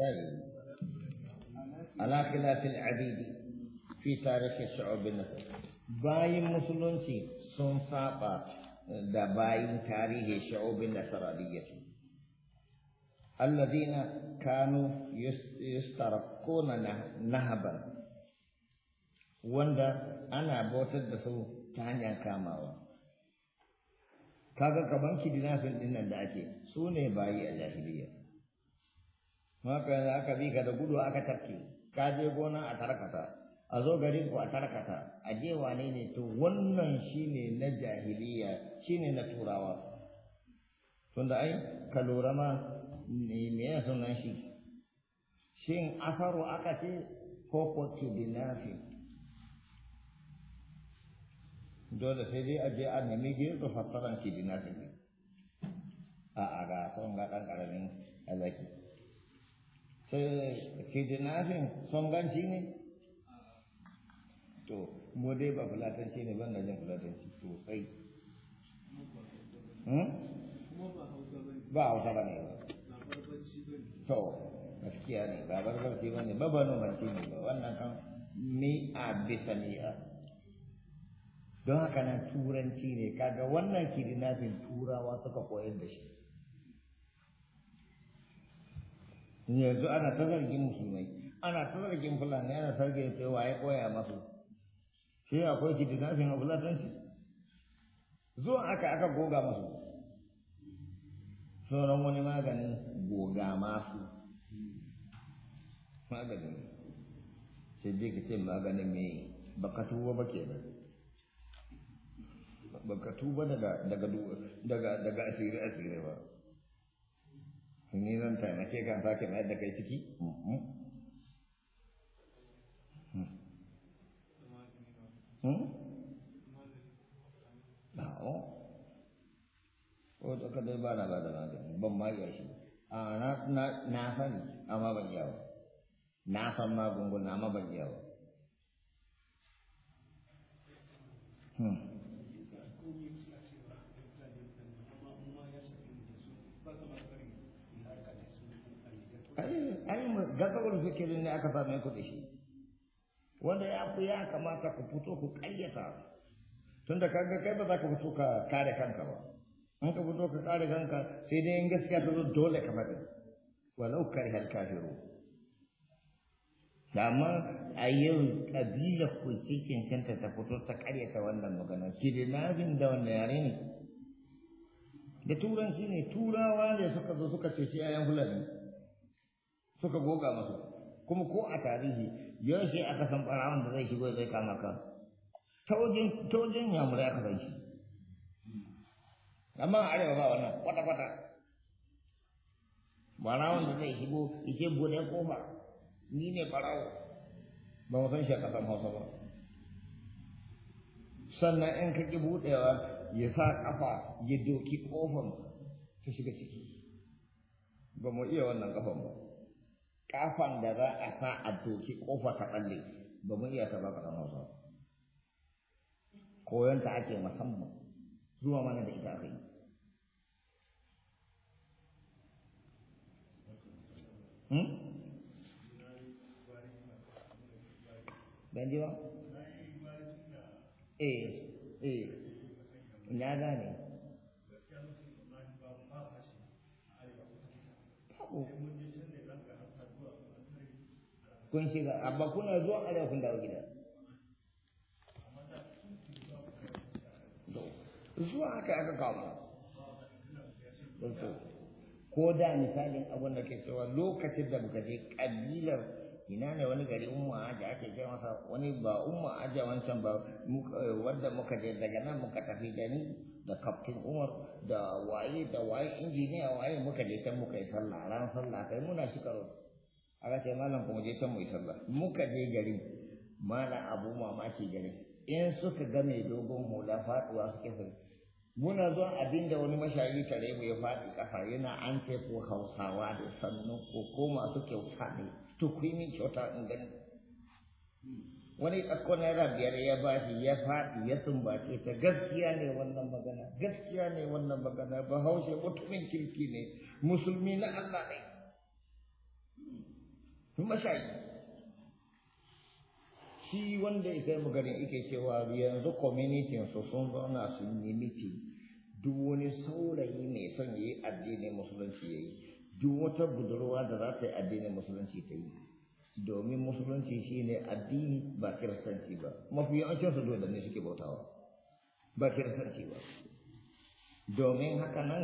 طيب على خلاف العبيد في تاريخ الشعوب النصر باين sun saba da bayin tarihi sha'ubin nasaraniyyati allazina kanu yustarquna nahaban wanda ana bautar da su ta hanyar kamawa kaga kaban kidinafin dinnan da ake su ne bayi a jahiliya maka yanzu aka bi ka da gudu aka tarke ka je gona a tarkata a zo garin ku a tarkata a je wane ne to wannan shine na jahiliya shine na turawa tunda ai ka lura ma me ya sunan shi shin asaru aka ce ko ko kidnafi dole sai dai a je a nemi gefe fassaran kidnafi a a ga son ga ɗan ƙaramin alaki kidnapping songanci ne to mu dai ba fulatanci ne ban da jin fulatanci sosai ba hausa ba ne ba ba barbarci ba ba wannan kan mi'a bisa mi'a don haka nan turanci ne kaga wannan kidnapping turawa suka koyar da shi yanzu ana ta zargin musulmai ana ta zargin fulani ana sarge ta wa ya koya masu shi akwai kidnapping a fulatanci zuwa aka aka goga masu sauran wani maganin goga masu maganin sai dai ka ce maganin mai baka tuba ba ke nan baka tuba daga daga daga daga asiri asiri ba ni zan taimake ka sake mayar da kai ciki ko to ka dai ba na ba da magani ban ma iya shi na na amma ban iya ba na san magunguna amma ban iya ba hmm. ai gasawar fikirin ne aka same ku da shi wanda ya ku ya kamata ku fito ku ƙayyata tunda kaga kai ba za ka fito ka kare kanka ba an ka fito ka kare kanka sai dai in gaskiya ta zo dole ka faɗi walau karihal kafiru da amma a yau ƙabila ku ce cancanta ta fito ta ƙaryata wannan magana ki, da na da wanda yare ne da turanci ne turawa ne suka zo suka ceci 'ya'yan fulani suka goga masu kuma ko a tarihi yaushe aka san ɓarawan da zai shigo zai kama ka ta wajen ya mura ya aka amma a arewa ba wannan kwata-kwata ɓarawan da zai shigo ike bude kofa ni ne ɓarawo ba mu san shi a ƙasan hausa ba sannan in ka ki buɗewa ya sa ƙafa ya doki ƙofan ta shiga ciki ba mu iya wannan ƙafan ba kafan da za a sa a doki kofa ta tsalle ba mun iya saba ka sanar ba koyon ta ake musamman zuwa mana da ita kai hmm ban eh eh ina gane kun shiga abba kuna zuwa arewa kun dawo gida zuwa haka aka kawo ko da misalin abin da ke cewa lokacin da muka je kabilar ina ne wani gari umma da ake ce masa wani ba umma aja wancan ba eh, wanda muka je daga nan muka tafi da ni da kaftin umar da waye da waye injiniya waye muka je can muka yi sallah ran sallah kai muna shi karo aka ce malam kuma je can mu sallah muka je gari Mana abu mamaki gari. in suka ga mai dogon hula faduwa suke sun muna zuwa abinda wani mashayi tare mu ya faɗi kafa yana an ce ko hausawa da sannu ko ko masu kyauta ne to ku yi kyauta in gani wani tsakko naira biyar ya ba shi ya faɗi ya sumbace ta gaskiya ne wannan magana gaskiya ne wannan magana bahaushe mutumin kirki ne musulmi na Allah ne mashayi shi wanda ya kai magana yake cewa yanzu community su sun zauna su yi miti duk wani saurayi mai son yi addinin musulunci ya yi duk wata budurwa da za ta yi addinin musulunci ta yi domin musulunci shi ne addini ba kiristanci ba mafi yawancin su dole ne suke bautawa ba kiristanci ba domin haka nan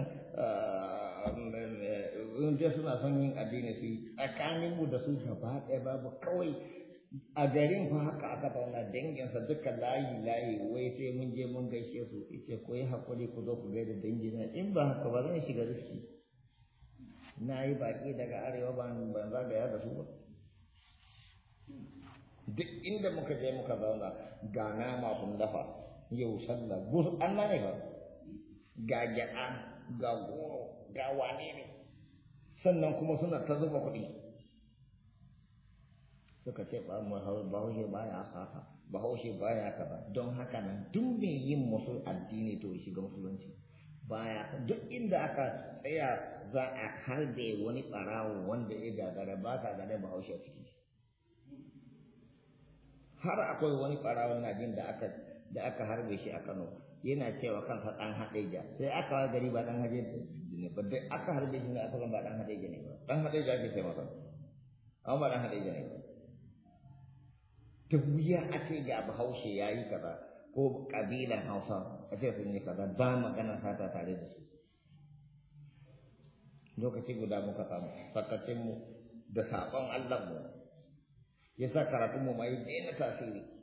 inda eh, eh, eh, suna son yin addini su yi tsakaninmu da su gaba ɗaya babu kawai a garin fa haka aka tauna danginsa duka layi layi wai sai mun je mun gaishe su ice ko yi hakuri ku zo ku gaida dangina in ba haka ba zan shiga riski na yi baki daga arewa ban ban zagaya da su ba duk inda muka je muka zauna ga nama kun dafa yau sallah gus an ne ba ga gyaɗa ga goro ga wane ne sannan kuma suna ta zuba kuɗi suka ce ba mu bahaushe baya sata bahaushe ya kaza don haka nan duk mai yin musu addini to ga musulunci baya duk inda aka tsaya za a harbe wani ɓarawo wanda ya gagara ba ka gane bahaushe ciki har akwai wani ɓarawon na jin da aka harbe shi a Kano yana cewa kansa dan hadeja sai aka wa gari ba dan hadeja ne ba dai aka harbe shi ne aka ba dan hadeja ne ba dan hadeja ke cewa ba. amma ba dan hadeja ne Ta wuya ake ce ga bahaushe ya yi kaza ko kabilan hausa a ce sun yi kaza ba magana sata tare da su lokaci guda muka samu sakacinmu da sabon allahnmu ya sa karatunmu ma yi daina tasiri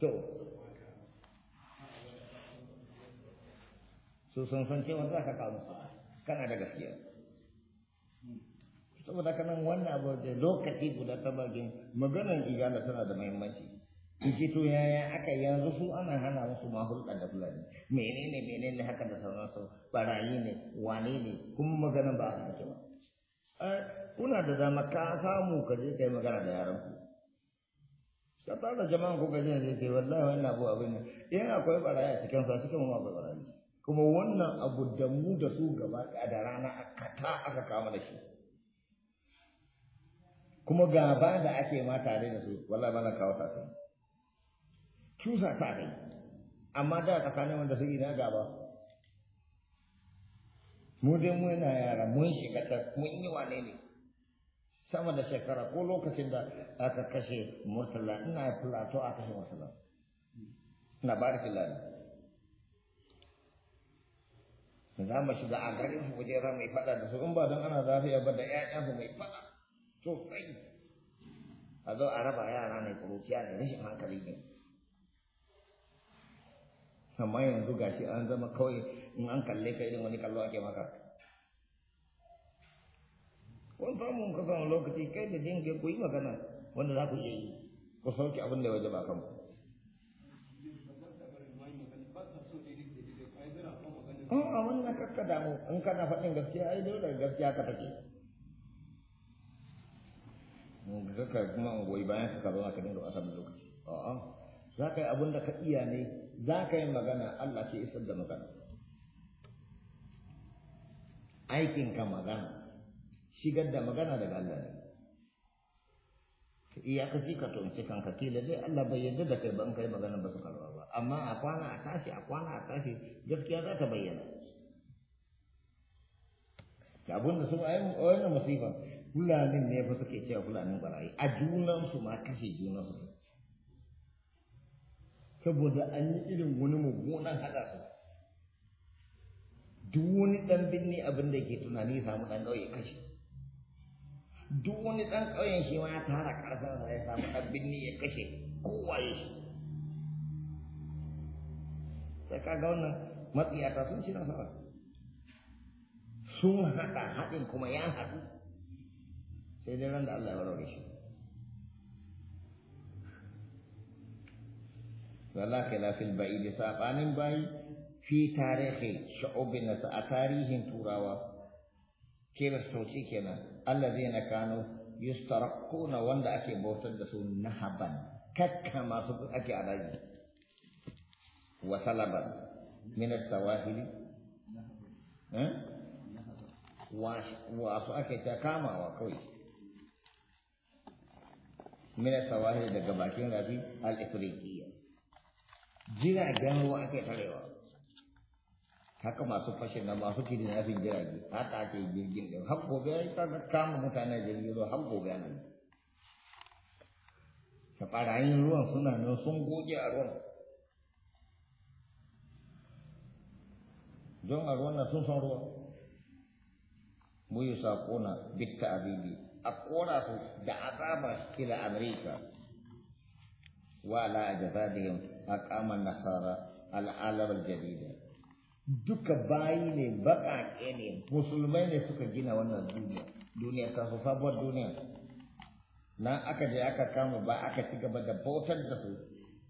to su sun san ce za ka kawo su kana da gaskiya saboda kana wannan abu da lokaci guda ta bagin maganar igala tana da muhimmanci in to yaya aka yanzu su ana hana musu ma hulɗa da fulani menene menene haka da su barayi ne wane ne kuma maganar ba a cikin ba eh, kuna da dama ka samu ka je kai magana da yaran ku ka tsara jama'an ku gajen zai ce wallahi wani abu abu ne in akwai barayi a cikin sa cikin mu akwai barayi kuma wannan abu da mu da su gaba ya da rana a kata aka kama da shi kuma gaba da ake ma tare da su wallahi na kawo ta kai cusa ta kai amma da tsakanin wanda su ina gaba mu dai muna yara mun shiga ta mun yi wane ne sama da shekara ko lokacin da aka kashe murtala ina plato a kashe murtala na barikin lani za mu shiga a garin su waje za fada da su in ba don ana ya ba da ƴaƴan su mai fada sosai a zo a raba yara ne kuruciya ne rashin hankali ne amma yanzu gashi an zama kawai in an kalle ka irin wani kallo ake maka wani famu ka samu lokaci kai da jinke ku koyi magana wanda za ku iya yi ku sauke abin da ya wajaba kanku wani na kakka damu in kana faɗin gaskiya ai dole gaskiya ka take. kakka kuma goyi bayan ka zo aka dinga asar lokaci. A'a za ka yi abin da ka iya ne za ka yi magana Allah ke isar da magana. Aikin ka magana. shigar da magana daga Allah ne iyakaci ka tonci kanka kila dai Allah bai yarda da kai ba in kai magana ba su kalwa ba amma a kwana a tashi a kwana a tashi gaskiya za ta bayyana da abun da sun ayi wani musifa fulani ne fa suke cewa fulanin barayi a junan su ma kashe junan su saboda an yi irin wani mugunan haɗa su duk wani ɗan binne abin da ke tunani samu ɗan ƙauye kashe duk wani ɗan ƙauyen shi ma ya tara ƙarfinsa ya samu ɗan binni ya kashe kowa ya shi sai kaga wannan matsiyata sun ci nasara sun haɗa haɗin kuma ya haɗu sai dai ran da Allah ya warware shi wala khilafil ba'id sabanin bayi fi tarihi shu'ubin a tarihin turawa kiristoci kenan allazina kanu yustarakuna wanda ake bautar da su nahaban kakka masu ake alaji wa salaban min as-sawahili eh wa su ake ta wa kawai min as-sawahili daga bakin rafi al-ifriqiyya jira gawo ake tarewa haka masu fashin da masu fi jirage haka ake jirgin da har gobe ya ta kama mutane jirgin ruwa har gobe ta fara barayin ruwan suna nan sun goge a ruwan don a ruwan na sun san ruwan muyi sako na bitta abidi a kora su da azaba kila amerika wa la a jazadihim a kamar nasara al'alar jadida duka bayi ne baƙaƙe ne musulmai ne suka gina wannan duniya duniya ta su sabuwar duniya na aka je aka kama ba aka ci gaba da bautar da su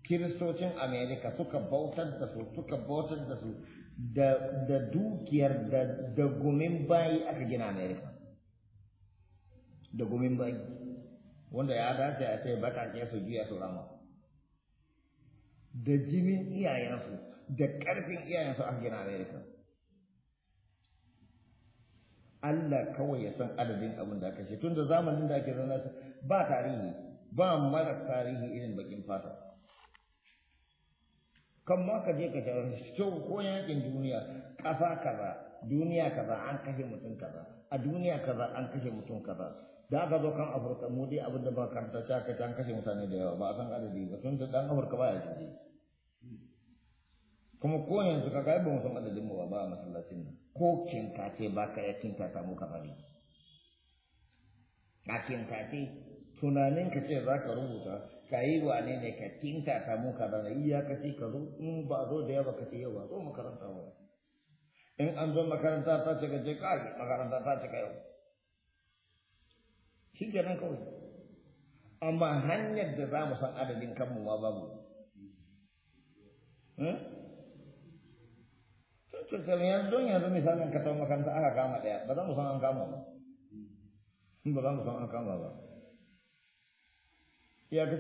kiristocin amerika suka bautar da su suka bautar da su da dukiyar da gumin bayi aka gina amerika da gumin bayi wanda ya dace a ce baƙaƙe su juya su rama da jinin iyayensu da ƙarfin iyayensu an gina Amerika. Allah kawai ya san adadin abin da aka ce tun da zamanin da ake zama ba tarihi ba mara tarihi irin bakin fata. Kan ma ka je ka shawar ko yankin duniya ƙasa kaza duniya kaza an kashe mutum kaza a duniya kaza an kashe mutum kaza da aka zo kan afirka mu dai abin da ba karanta ta kashe mutane da yawa ba a san adadi ba tun da dan afirka ba ya jirgi. kuma ko yanzu ka ga ba mu san adadin mu ba a masallacin nan ko kinka ce ba ka ya kinka ta mu bari ka kinka ce tunanin ka ce za ka rubuta ka yi wa ne ne ka kinka ta mu kaza iya ka ce ka zo in ba zo da yawa ka ce yau ba zo makaranta ba in an zo makaranta ta ce ka je ka makaranta ta ce ka yau shi kenan kawai amma hanyar da za mu san adadin kanmu ma babu hmm? Cikin yanzu yanzu misalin ka Ya da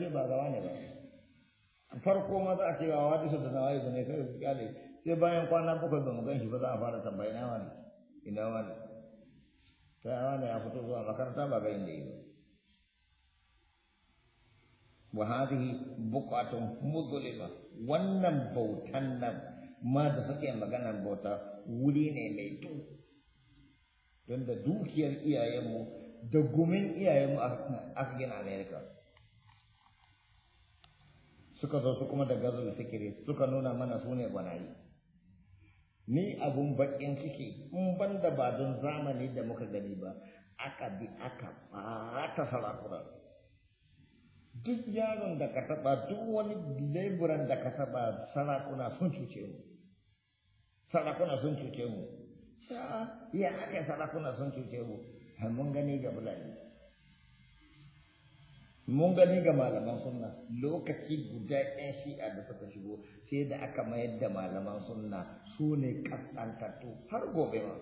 nawayi bayan kwana bakwai ba ba za fara tambaya ya fito zuwa makaranta ba ga ba. Wa hadhihi buqatun wannan bautan ma da suke magana bauta wuri ne mai duhu don da dukiyar iyayenmu da gumin iyayenmu aka gina america suka zo su kuma da da sikiri suka nuna mana su ne gwanaye ni abun bakin ciki in ban da ba don zamani da muka gani ba aka bi aka ɓata salakura duk yaron da ka taɓa duk wani leburan da ka taɓa sarakuna sun cuce mu na sun cuce mu ya aka na sun cuce mu mun gani ga bulani mun gani ga malaman sunna lokaci guda ɗan a da suka shigo sai da aka mayar da malaman sunna su ne kaskantattu har gobe ma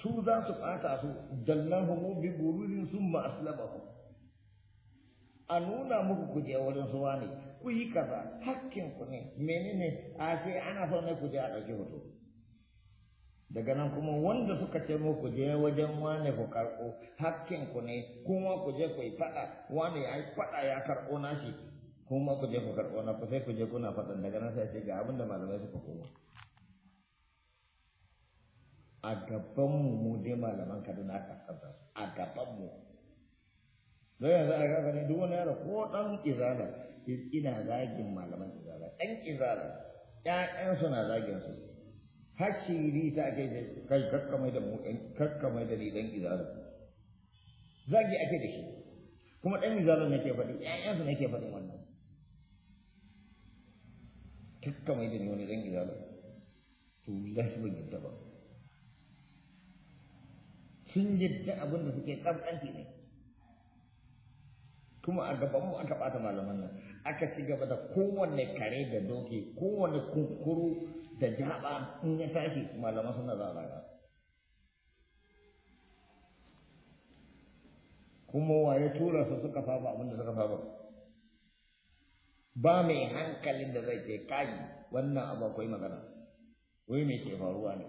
su za su ɓata su dallahu bi gururin sun ma aslamahu a nuna muku kuje je wurin suwa ne ku yi kaza hakkin ku ne menene a ce ana so ne kuje a ɗauki hoto daga nan kuma wanda suka ce mu kuje wajen wane ku karɓo hakkin ku ne kuma kuje ku yi faɗa wane ya yi faɗa ya karɓo na shi kuma kuje ku karɓo na ku sai ku na kuna faɗan daga nan sai ce ga abin da malamai suka koma a gaban mu mu dai malaman Kaduna a don yanzu a ga gani duk wani yaro ko ɗan izala ina zagin malaman izala ɗan izala ƴaƴansu na zagin su har shiri ta ake da kai kakkamai da mu kakkamai da ni ɗan izala zagi ake da shi kuma ɗan izala nake faɗi ƴaƴansu nake faɗin wannan kakkamai da ni wani ɗan izala to wallahi ban yadda ba sun yadda abin da suke ƙasƙanci ne kuma a gaban mu aka bata malaman nan aka ci gaba da kowanne kare da doki kowanne kunkuru da jaba in ya tashi malaman suna zaraga kuma waye tura su suka saba abinda suka saba ba mai hankalin da zai ce kai wannan abu akwai magana wai mai ke faruwa ne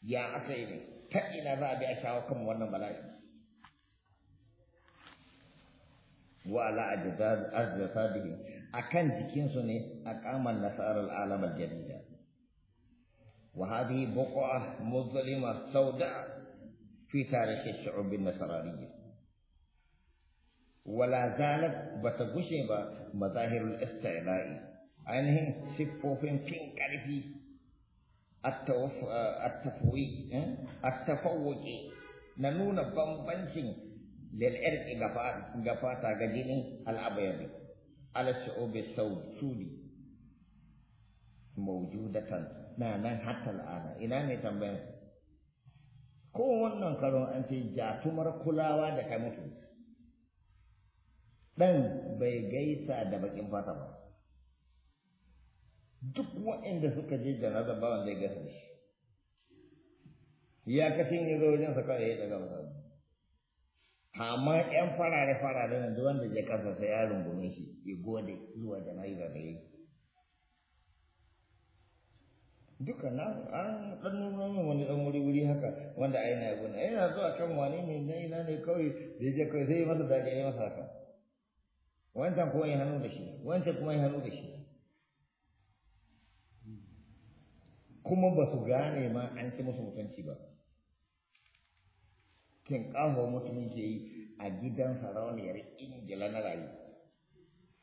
ya aka yi ne ta ina za a bi a shawo kan wannan bala'i وعلى أجداده أكن جكين سني أقام النصارى العالم الجديد وهذه بقعة مظلمة سوداء في تاريخ الشعوب النصرانية ولا زالت بتقشب مظاهر الاستعلاء عنهم سفوفين فين كارفي التفوي التفوق نمونا بمبنشين del er ki gafa gafa ta gaji ni al abayadi ala shubbi sawtuli mawjudatan na na hatta al ana ina ne tambaya ko wannan karo an ce ja kulawa da kai mutum dan bai gaisa da bakin fata ba duk wanda suka je da nazaba wanda ya gaisa shi ya kace ni zo wajen sakare da gaba da shi amma ƴan farare farare nan duk wanda zai kasa sai ya rungume shi ya gode zuwa jana'iza da yi duka na an dan nuna min wani dan wuri wuri haka wanda a na gona na zuwa kan wani ne na ina ne kawai da je kawai sai masa da ya masa haka wancan kuma ya hannu da shi wancan kuma ya hannu da shi kuma ba su gane ma an ci musu mutunci ba kin kamo mutum ke yi a gidan sarauniyar ingila na rayu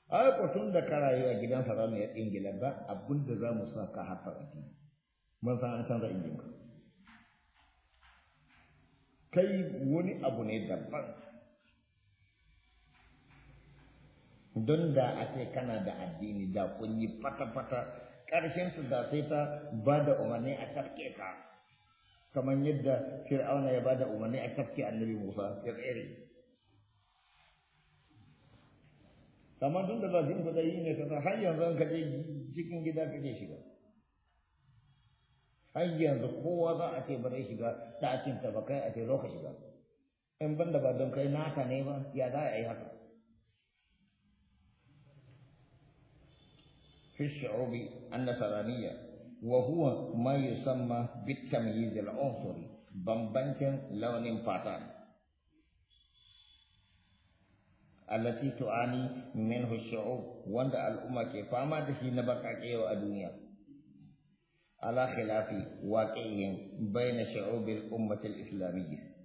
ai ko tun da ka rayu a gidan sarauniyar ingila ba abin da za mu sa ka harfa a mun san an canza injin ka kai wani abu ne daban don da a ce kana da addini da kun yi fata-fata ƙarshen su da sai ta ba da umarni a tafke ka kaman yadda fir'auna ya bada umarni a tafki annabi musa ya tsere kamar tun da lafin kudayi ne kaza har yanzu an kaje cikin gida kake shiga har yanzu kowa za a ce bare shiga ɗakin ta ba kai a ce lokaci ba in banda ba don kai naka ne ba ya za a yi haka في الشعوب النصرانية وهو ما يسمى بالتمييز العنصري بمبنك لون فاتان التي تعاني منه الشعوب وند الأمة كفاما دشي نبقى كيو الدنيا على خلاف واقعهم بين شعوب الأمة الإسلامية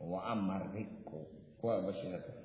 وأما الرق وبشرته